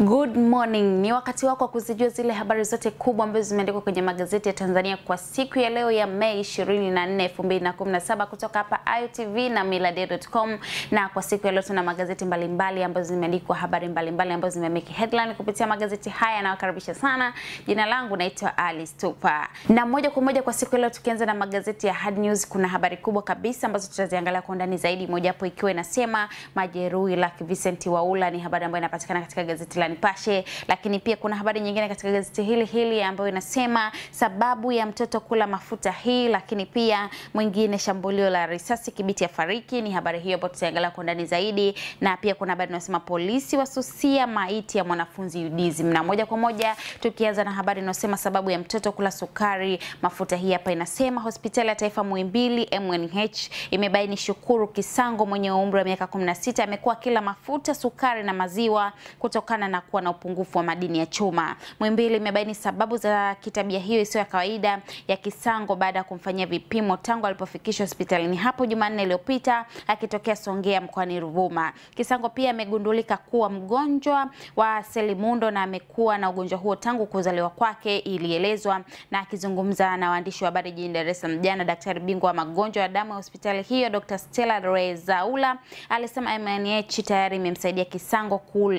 Good morning. Ni wakati wako wa kuzijua zile habari zote kubwa ambazo zimeandikwa kwenye magazeti ya Tanzania kwa siku ya leo ya Mei 24, 2017 kutoka hapa Ayo na millardayo.com. Na kwa siku ya leo tuna magazeti mbalimbali ambazo zimeandikwa habari mbalimbali ambazo zimemeki headline kupitia magazeti haya. wakaribisha sana, jina langu naitwa Ali Stupa, na moja kwa moja kwa siku ya leo tukianza na magazeti ya Hard News, kuna habari kubwa kabisa ambazo tutaziangalia kwa undani zaidi, hapo ikiwa inasema majeruhi la Vincent Waula. Ni habari ambayo inapatikana katika gazeti gazeti la Nipashe. Lakini pia kuna habari nyingine katika gazeti hili hili ambayo inasema sababu ya mtoto kula mafuta hii, lakini pia mwingine shambulio la risasi Kibiti fariki. Ni habari hiyo ambayo tutaangalia kwa ndani zaidi, na pia kuna habari inasema polisi wasusia maiti ya mwanafunzi UDSM. Na moja kwa moja tukianza na habari inasema sababu ya mtoto kula sukari mafuta hii, hapa inasema hospitali ya taifa Muhimbili MNH imebaini Shukuru Kisango mwenye umri wa miaka 16 amekuwa kila mafuta, sukari na maziwa kutokana kutokana na kuwa na upungufu wa madini ya chuma. mwimbili imebaini sababu za kitabia hiyo isiyo ya kawaida ya Kisango baada ya kumfanyia vipimo tangu alipofikishwa hospitalini hapo Jumanne iliyopita akitokea Songea mkoani Ruvuma. Kisango pia amegundulika kuwa mgonjwa wa selimundo na amekuwa na ugonjwa huo tangu kuzaliwa kwake, ilielezwa. Na akizungumza na waandishi wa habari jijini Dar es Salaam jana, daktari bingwa wa magonjwa ya damu ya hospitali hiyo Dr. Stella Rezaula alisema MNH tayari imemsaidia Kisango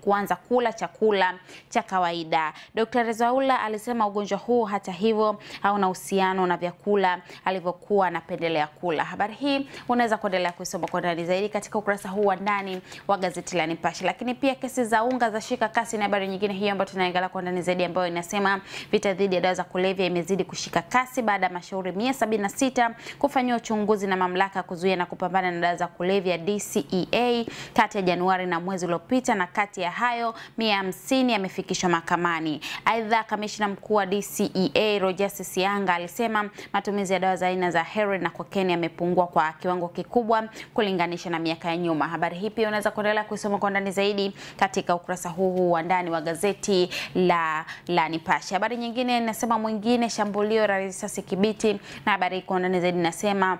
kuanza kula kula chakula cha kawaida. Dr. Rezaula alisema ugonjwa huu hata hivyo hauna uhusiano na vyakula alivyokuwa anapendelea kula. Habari hii unaweza kuendelea kuisoma kwa ndani zaidi katika ukurasa huu wa ndani wa gazeti la Nipashe. Lakini pia kesi za unga za shika kasi na habari nyingine hiyo ambayo tunaangalia kwa ndani zaidi ambayo inasema vita dhidi ya dawa za kulevya imezidi kushika kasi baada ya mashauri 176 kufanyiwa uchunguzi na mamlaka kuzuia na kupambana na dawa za kulevya DCEA kati ya Januari na mwezi uliopita na kati ya hayo 150 yamefikishwa mahakamani. Aidha, kamishna mkuu wa DCEA Roger Sisianga alisema matumizi ya dawa za aina za heroin na cocaine yamepungua kwa kiwango kikubwa kulinganisha na miaka ya nyuma. Habari hii pia unaweza kuendelea kuisoma kwa ndani zaidi katika ukurasa huu wa ndani wa gazeti la, la Nipashe. Habari nyingine inasema mwingine shambulio la risasi Kibiti, na habari hii kwa ndani zaidi inasema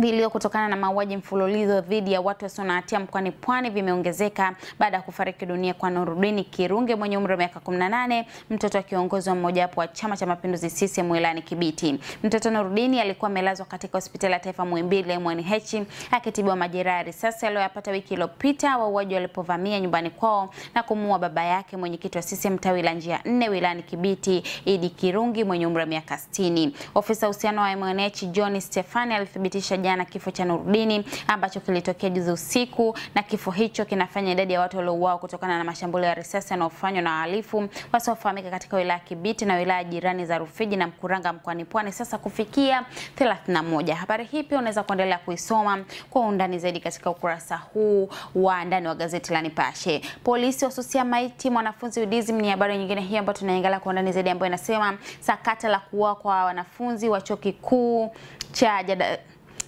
Vilio kutokana na mauaji mfululizo dhidi ya watu wasio na hatia mkoani Pwani vimeongezeka baada ya kufariki dunia kwa Nurudini Kirunge mwenye umri wa miaka 18, mtoto wa kiongozi wa mmojawapo wa Chama cha Mapinduzi CCM wilayani Kibiti. Mtoto Nurudini alikuwa amelazwa katika hospitali ya taifa Muhimbili MNH akitibiwa majeraha ya risasi aliyoyapata wiki iliyopita wauaji walipovamia nyumbani kwao na kumuua baba yake mwenyekiti wa CCM tawi la Njia Nne wilayani Kibiti Idi Kirungi mwenye umri wa miaka 60. Ofisa uhusiano wa MNH John Stefani alithibitisha jana kifo cha Nurudini ambacho kilitokea juzi usiku, na kifo hicho kinafanya idadi ya watu waliouawa kutokana na mashambulio ya risasi yanayofanywa na wahalifu wasiofahamika katika wilaya Kibiti na wilaya jirani za Rufiji na Mkuranga mkoani Pwani sasa kufikia 31. Habari hii pia unaweza kuendelea kuisoma kwa undani zaidi katika ukurasa huu wa ndani wa gazeti la Nipashe. Polisi wasusia maiti mwanafunzi UDSM ni habari nyingine hii ambayo tunaangalia kwa undani zaidi ambayo inasema sakata la kuua kwa wanafunzi wa chuo kikuu cha jada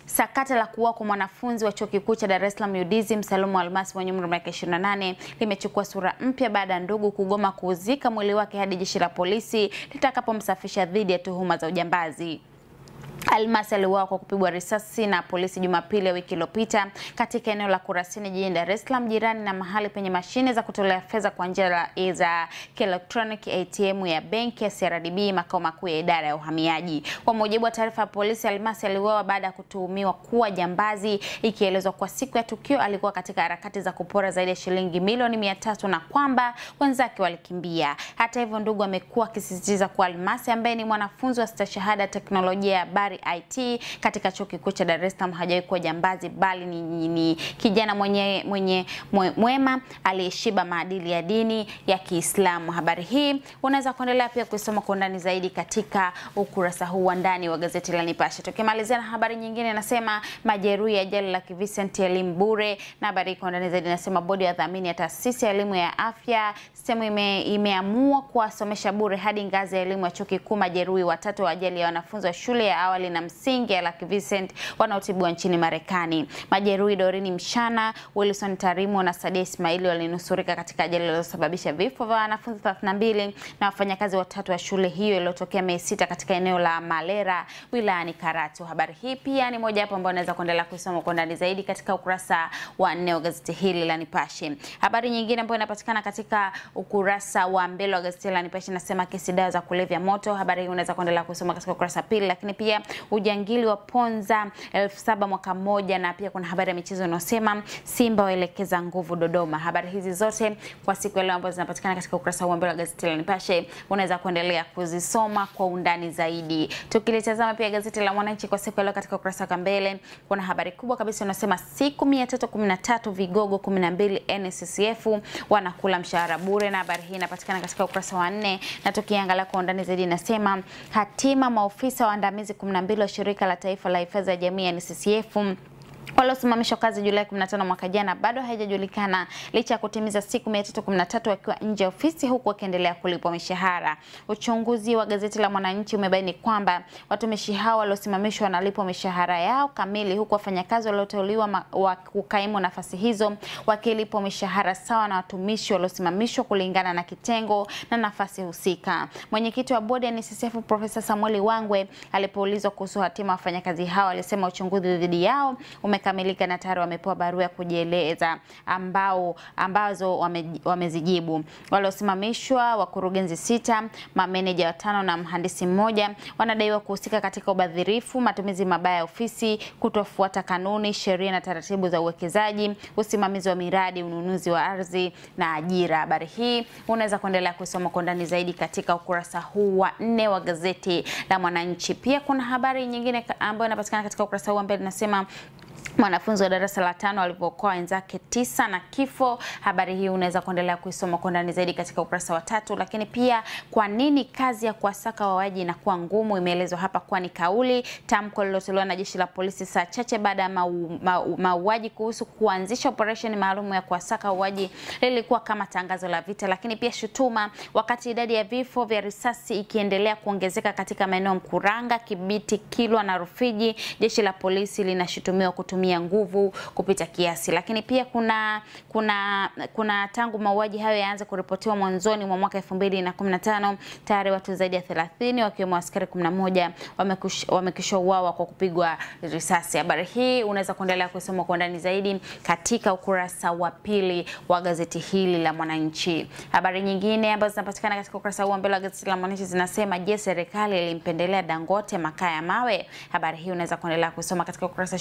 Sakata la kuua kwa mwanafunzi wa chuo kikuu cha Dar es Salaam UDSM Salumu Almasi mwenye umri wa miaka 28 limechukua sura mpya baada ya ndugu kugoma kuuzika mwili wake hadi jeshi la polisi litakapomsafisha dhidi ya tuhuma za ujambazi almasi aliuawa kwa kupigwa risasi na polisi Jumapili ya wiki iliyopita katika eneo la Kurasini jijini Dar es Salaam, jirani na mahali penye mashine za kutolea fedha kwa njia e za kielektroniki ATM ya benki ya CRDB makao makuu ya idara ya uhamiaji. Kwa mujibu wa taarifa ya polisi, almasi aliuawa baada ya kutuhumiwa kuwa jambazi, ikielezwa kwa siku ya tukio alikuwa katika harakati za kupora zaidi ya shilingi milioni mia tatu na kwamba wenzake walikimbia. Hata hivyo, ndugu amekuwa akisisitiza kuwa almasi ambaye ni mwanafunzi wa stashahada teknolojia ya habari habari IT katika chuo kikuu cha Dar es Salaam hajawahi kuwa jambazi, bali ni, ni kijana mwenye, mwenye mwema aliyeshiba maadili ya dini ya Kiislamu. Habari hii unaweza kuendelea pia kusoma kwa undani zaidi katika ukurasa huu wa ndani wa gazeti la Nipashe. Tukimalizia na habari nyingine, nasema majeruhi ya ajali la Vincent elimu bure, na habari kwa undani zaidi nasema bodi ya dhamini ya taasisi ya elimu ya afya sehemu ime, imeamua kuwasomesha bure hadi ngazi ya elimu ya chuo kikuu majeruhi watatu wa ajali ya wanafunzi wa shule ya awali awali na msingi ya Lake Vincent wanaotibiwa nchini Marekani. Majeruhi Dorini Mshana, Wilson Tarimo na Sadia Ismaili walinusurika katika ajali iliyosababisha vifo vya wanafunzi 32 na wafanyakazi watatu wa shule hiyo iliyotokea Mei sita katika eneo la Malera wilayani Karatu. Habari hii pia ni moja hapo ambayo unaweza kuendelea kusoma kwa ndani zaidi katika ukurasa wa nne wa gazeti hili la Nipashe. Habari nyingine ambayo inapatikana katika ukurasa wa mbele wa gazeti la Nipashe nasema kesi dawa za kulevya moto. Habari hii unaweza kuendelea kusoma katika ukurasa pili, lakini pia ujangili wa Ponza elfu saba mwaka mmoja, na pia kuna habari ya michezo inayosema Simba waelekeza nguvu Dodoma. Habari hizi zote kwa siku ya leo ambazo zinapatikana katika ukurasa wa mbele wa gazeti la Nipashe, unaweza kuendelea kuzisoma kwa undani zaidi. Tukilitazama pia gazeti la Mwananchi kwa siku ya leo, katika ukurasa wa mbele kuna habari kubwa kabisa inayosema siku 313 vigogo 12 NSSF wanakula mshahara bure, na habari hii inapatikana katika ukurasa wa nne, na tukiangalia kwa undani zaidi inasema hatima maofisa waandamizi mbili shirika la taifa la hifadhi ya jamii ya NSSF waliosimamishwa kazi Julai 15 mwaka jana bado haijajulikana licha ya kutimiza siku 313 wakiwa nje ya ofisi huku wakiendelea kulipwa mishahara. Uchunguzi wa gazeti la Mwananchi umebaini kwamba watumishi hao waliosimamishwa wanalipwa mishahara yao kamili huku wafanyakazi walioteuliwa wa kukaimu nafasi hizo wakilipwa mishahara sawa na watumishi waliosimamishwa kulingana na kitengo na nafasi husika. Mwenyekiti wa bodi ya NSSF Profesa Samuel Wangwe alipoulizwa kuhusu hatima wafanyakazi hao alisema uchunguzi dhidi yao ume umekamilika na tayari wamepewa barua ya kujieleza ambao ambazo wame, wamezijibu. Waliosimamishwa wakurugenzi sita, mameneja watano na mhandisi mmoja wanadaiwa kuhusika katika ubadhirifu, matumizi mabaya ya ofisi, kutofuata kanuni, sheria na taratibu za uwekezaji, usimamizi wa miradi, ununuzi wa ardhi na ajira. Habari hii unaweza kuendelea kusoma kwa ndani zaidi katika ukurasa huu wa nne wa gazeti la Mwananchi. Pia kuna habari nyingine ambayo inapatikana katika ukurasa huu wa mbele, inasema mwanafunzi wa darasa la tano alivyokoa wenzake tisa na kifo. Habari hii unaweza kuendelea kuisoma kwa ndani zaidi katika ukurasa wa tatu. Lakini pia kwa nini kazi ya kuwasaka wawaji inakuwa ngumu imeelezwa hapa, ni kauli tamko lililotolewa na jeshi la polisi saa chache baada ya mauaji kuhusu kuanzisha operesheni maalum ya kuwasaka wauaji lilikuwa kama tangazo la vita. Lakini pia shutuma, wakati idadi ya vifo vya risasi ikiendelea kuongezeka katika maeneo Mkuranga, Kibiti, Kilwa na Rufiji, jeshi la polisi linashutumiwa kutumia kutumia nguvu kupita kiasi. Lakini pia kuna kuna kuna tangu mauaji hayo yaanze kuripotiwa mwanzoni mwa mwaka 2015 tayari watu zaidi ya 30 wakiwemo askari 11 wamekwisha uawa kwa kupigwa risasi. Habari hii unaweza kuendelea kusoma kwa ndani zaidi katika ukurasa wa pili wa gazeti hili la Mwananchi. Habari nyingine ambazo zinapatikana katika ukurasa huu wa mbele wa gazeti la Mwananchi zinasema, je, serikali ilimpendelea Dangote makaa ya mawe? Habari hii unaweza kuendelea kusoma katika ukurasa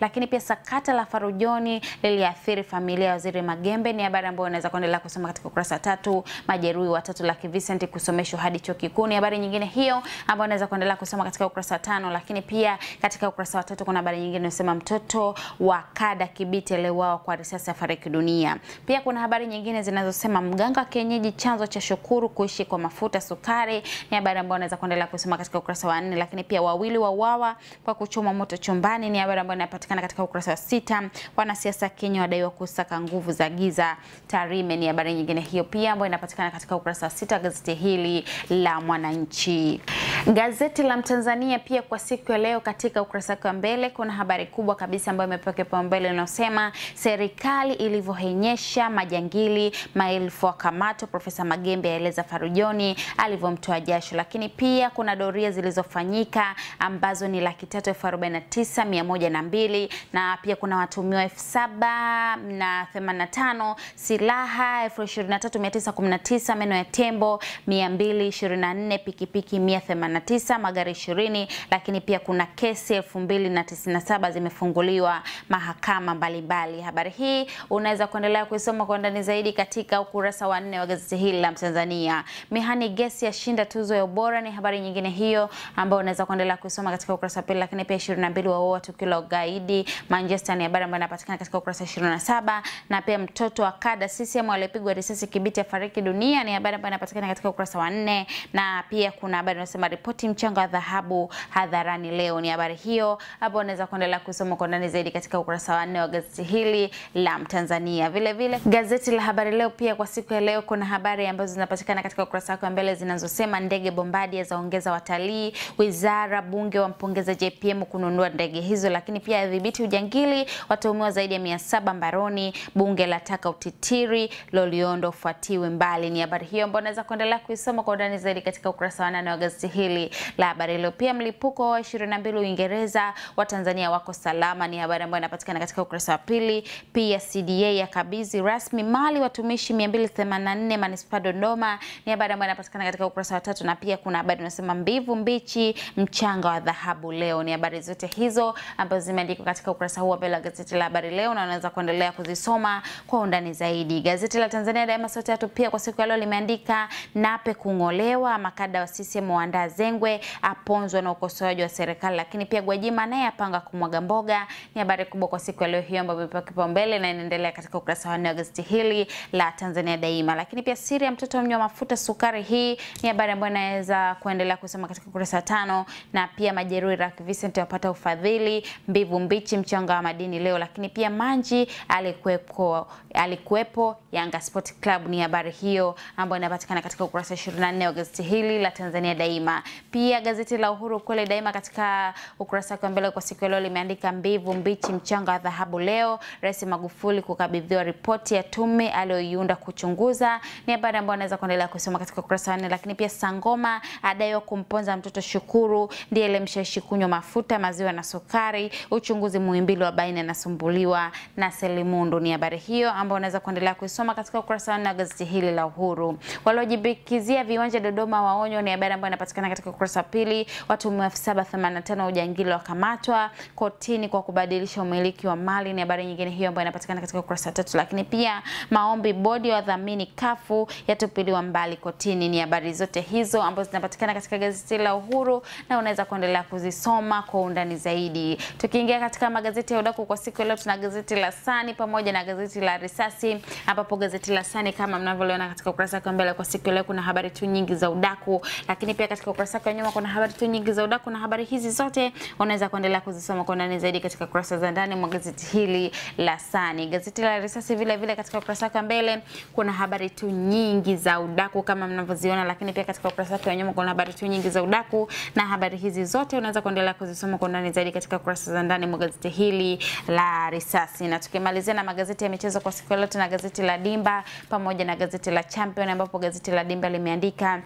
lakini pia sakata la Farujoni liliathiri familia ya Waziri Magembe. Ni habari ambayo unaweza kuendelea kusoma katika ukurasa tatu. Majeruhi watatu Lucky Vicent kusomeshwa hadi chuo kikuu, ni habari nyingine hiyo ambayo unaweza kuendelea kusoma katika ukurasa tano, lakini pia katika ukurasa wa tatu kuna habari nyingine inasema mtoto wa kada Kibiti aliuawa kwa risasi afariki dunia. Pia kuna habari nyingine zinazosema mganga kienyeji chanzo cha Shukuru kuishi kwa mafuta sukari, ni habari ambayo unaweza kuendelea kusoma katika ukurasa wa nne, lakini pia wawili wauawa kwa kuchoma moto chumbani, ni habari ambayo yanayopatikana katika ukurasa wa sita. Wanasiasa Kenya wadaiwa kusaka nguvu za giza. Tarime ni habari nyingine hiyo pia ambayo inapatikana katika ukurasa wa sita gazeti hili la Mwananchi. Gazeti la Mtanzania pia kwa siku ya leo katika ukurasa wake wa mbele kuna habari kubwa kabisa ambayo imepewa kipaumbele inayosema serikali ilivyohenyesha majangili, maelfu wakamatwa, Profesa Magembe aeleza Farujoni alivyomtoa jasho. Lakini pia kuna doria zilizofanyika ambazo ni laki tatu elfu arobaini na tisa mia moja na mbili na pia kuna watumiwa elfu saba na themanini na tano silaha elfu ishirini na tatu mia tisa kumi na tisa meno ya tembo mia mbili ishirini na nne pikipiki mia themanini 189, magari 20, lakini pia kuna kesi 2097 zimefunguliwa mahakama mbalimbali. Habari hii unaweza kuendelea kuisoma kwa ndani zaidi katika ukurasa wa nne wa gazeti hili la Mtanzania. Mihani Gesi yashinda tuzo ya ubora ni habari nyingine hiyo ambayo unaweza kuendelea kuisoma katika ukurasa wa pili, lakini pia 22 waoa tukio la ugaidi Manchester ni habari ambayo inapatikana katika ukurasa 27, na pia mtoto wa kada CCM aliyepigwa risasi Kibiti afariki dunia ni habari ambayo inapatikana katika ukurasa wa nne, na pia kuna habari inasema ripoti mchanga wa dhahabu hadharani leo. Ni habari hiyo hapo, unaweza kuendelea kusoma kwa ndani zaidi katika ukurasa wa nne wa gazeti hili la Mtanzania. Vile vile gazeti la Habari Leo pia kwa siku ya leo kuna habari ambazo zinapatikana katika ukurasa wake wa mbele zinazosema ndege Bombardier zaongeza watalii, wizara bunge wampongeza JPM kununua ndege hizo, lakini pia adhibiti ujangili, watuhumiwa zaidi ya mia saba mbaroni, bunge lataka utitiri, Loliondo fuatiwe mbali. Ni habari hiyo ambayo unaweza kuendelea kuisoma kwa undani zaidi katika ukurasa wa nane wa gazeti hili hili la habari leo. Pia mlipuko wa 22 Uingereza, wa Tanzania wako salama, ni habari ambayo inapatikana katika ukurasa wa pili. Pia CDA ya yakabidhi rasmi mali watumishi 284 manispaa Dodoma, ni habari ambayo inapatikana katika ukurasa wa tatu. Na pia kuna habari unasema mbivu mbichi, mchanga wa dhahabu leo. Ni habari zote hizo ambazo zimeandikwa katika ukurasa huu wa mbele wa gazeti la habari leo, na unaweza kuendelea kuzisoma kwa undani zaidi. Gazeti la Tanzania Daima sote tatu pia kwa siku ya leo limeandika Nape kung'olewa, makada wa CCM waandaa Mazengwe aponzwa na ukosoaji wa serikali, lakini pia Gwajima naye apanga kumwaga mboga. Ni habari kubwa kwa siku ya leo hiyo ambayo imepewa kipaumbele na inaendelea katika ukurasa wa nne wa gazeti hili la Tanzania Daima. Lakini pia siri ya mtoto mnywa mafuta sukari, hii ni habari ambayo inaweza kuendelea kusoma katika ukurasa wa tano, na pia majeruhi Lucky Vincent wapata ufadhili, mbivu mbichi mchanga wa madini leo, lakini pia Manji alikuwepo, alikuwepo Yanga Sport Club. Ni habari hiyo ambayo inapatikana katika ukurasa 24 wa gazeti hili la Tanzania Daima. Pia gazeti la Uhuru kweli daima katika ukurasa wake wa mbele kwa siku leo limeandika mbivu mbichi, mchanga wa dhahabu. Leo Rais Magufuli kukabidhiwa ripoti ya tume aliyoiunda kuchunguza, ni habari ambayo anaweza kuendelea kusoma katika ukurasa wa nne. Lakini pia Sangoma adaiwa kumponza mtoto Shukuru, ndiye alimshawishi kunywa mafuta, maziwa na sukari. Uchunguzi Muhimbili wa baini anasumbuliwa na Selimundu, ni habari hiyo ambayo unaweza kuendelea kuisoma katika ukurasa wa nne wa gazeti hili la Uhuru. Waliojibikizia viwanja Dodoma waonywa, ni habari ambayo inapatikana katika ukurasa wa pili, watu 1785 ujangili wakamatwa kotini kwa kubadilisha umiliki wa mali. Ni habari nyingine hiyo ambayo inapatikana katika ukurasa wa tatu. Lakini pia maombi bodi ya wadhamini kafu yatupiliwa mbali kotini. Ni habari zote hizo ambazo zinapatikana katika gazeti la Uhuru na unaweza kuendelea kuzisoma kwa undani zaidi. Tukiingia katika magazeti ya udaku kwa siku leo, tuna gazeti la Sani pamoja na gazeti la Risasi, ambapo gazeti la Sani kama mnavyoliona katika ukurasa wa mbele kwa siku leo kuna habari tu nyingi za udaku, lakini pia katika ukurasa wake wa nyuma kuna habari tu nyingi za udaku na habari hizi zote unaweza kuendelea kuzisoma kwa ndani zaidi katika kurasa za ndani mwa gazeti hili la Sani. Gazeti la Risasi vile vile katika ukurasa wake mbele kuna habari tu nyingi za udaku kama mnavyoziona, lakini pia katika ukurasa wake wa nyuma kuna habari tu nyingi za udaku na habari hizi zote unaweza kuendelea kuzisoma kwa ndani zaidi katika kurasa za ndani mwa gazeti hili la Risasi. Na tukimalizia na magazeti ya michezo kwa siku leo, tuna gazeti la Dimba pamoja na gazeti la Champion ambapo gazeti la Dimba limeandika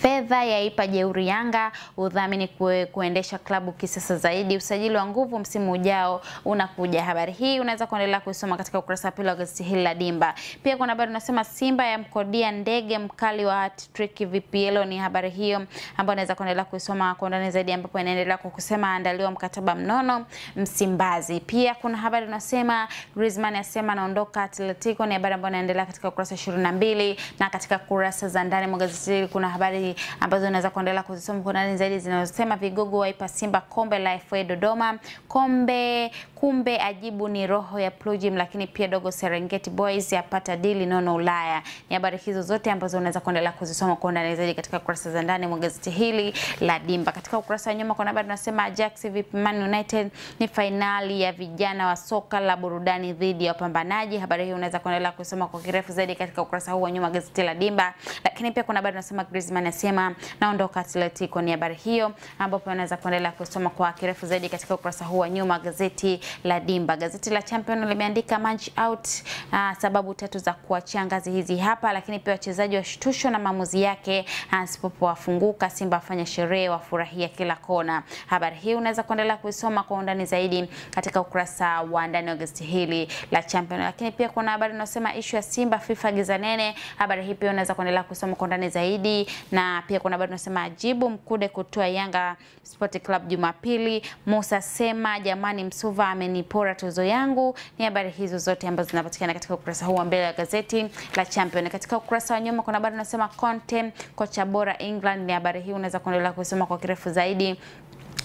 Fedha yaipa jeuri Yanga udhamini kue, kuendesha klabu kisasa zaidi. Usajili wa nguvu msimu ujao unakuja. Habari hii unaweza kuendelea kuisoma katika ukurasa wa pili wa gazeti hili la Dimba. Pia kuna habari unasema Simba yamkodia ndege mkali wa hat-trick VPL. Ni habari hiyo ambayo unaweza kuendelea kuisoma kwa undani zaidi, ambapo inaendelea kwa kusema andaliwa mkataba mnono Msimbazi. Pia kuna habari unasema Griezmann asema anaondoka Atletico. Ni habari ambayo inaendelea katika ukurasa 22 na katika kurasa za ndani mwa gazeti hili kuna habari ambazo unaweza kuendelea kuzisoma kwa ndani zaidi zinazosema vigogo waipa Simba kombe la FA Dodoma, kombe kumbe ajibu ni roho ya Plujim, lakini pia dogo Serengeti Boys yapata dili nono Ulaya. Ni habari hizo zote ambazo unaweza kuendelea kuzisoma kwa ndani zaidi katika kurasa za ndani mwa gazeti hili la Dimba. Katika ukurasa wa nyuma kuna habari tunasema Ajax vip Man United, ni fainali ya vijana wa soka la burudani dhidi ya wapambanaji. Habari hii unaweza kuendelea kusoma kwa kirefu zaidi katika ukurasa huu wa nyuma gazeti la Dimba, lakini pia kuna habari tunasema Grizz Griezmann asema naondoka Atletico. Ni habari hiyo ambapo anaweza kuendelea kusoma kwa kirefu zaidi katika ukurasa huu wa nyuma gazeti la Dimba. Gazeti la Champion limeandika match out uh, sababu tatu za kuachia ngazi hizi hapa, lakini pia wachezaji washtushwa na maamuzi yake. Hans ah, Popo wafunguka, Simba afanya sherehe, wafurahia kila kona. Habari hii unaweza kuendelea kusoma kwa undani zaidi katika ukurasa wa ndani wa gazeti hili la Champion, lakini pia kuna habari inayosema ishu ya Simba FIFA giza nene. Habari hii pia unaweza kuendelea kusoma kwa undani zaidi na pia kuna bado nasema ajibu Mkude kutoa Yanga Sport Club Jumapili. Musa sema jamani, Msuva amenipora tuzo yangu. Ni habari hizo zote ambazo zinapatikana katika ukurasa huu wa mbele ya gazeti la Champion. Katika ukurasa wa nyuma kuna bado nasema Conte kocha bora England. Ni habari hii unaweza kuendelea kusoma kwa kirefu zaidi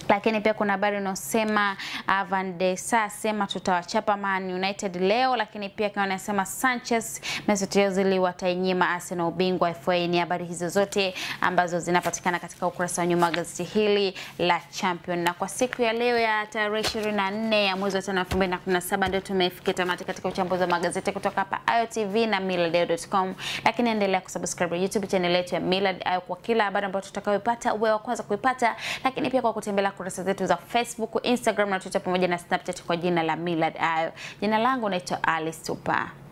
lakini pia kuna habari inayosema uh, Van de Sar sema tutawachapa Man United leo, lakini pia kuna anasema Sanchez Mesut Ozil watainyima Arsenal ubingwa FA. Ni habari hizo zote ambazo zinapatikana katika ukurasa wa nyuma wa gazeti hili la Champion, na kwa siku ya leo ya tarehe 24 ya mwezi wa 5 2017 ndio tumefikia tamati katika uchambuzi wa magazeti kutoka hapa Ayo TV na millardayo.com, lakini endelea kusubscribe YouTube channel yetu ya Millard Ayo kwa kila habari ambayo tutakayopata uwe wa kwanza kuipata, lakini pia kwa kutembelea kurasa zetu za Facebook, Instagram na Twitter pamoja na Snapchat kwa jina la Millard Ayo. Jina langu naitwa Alice Super.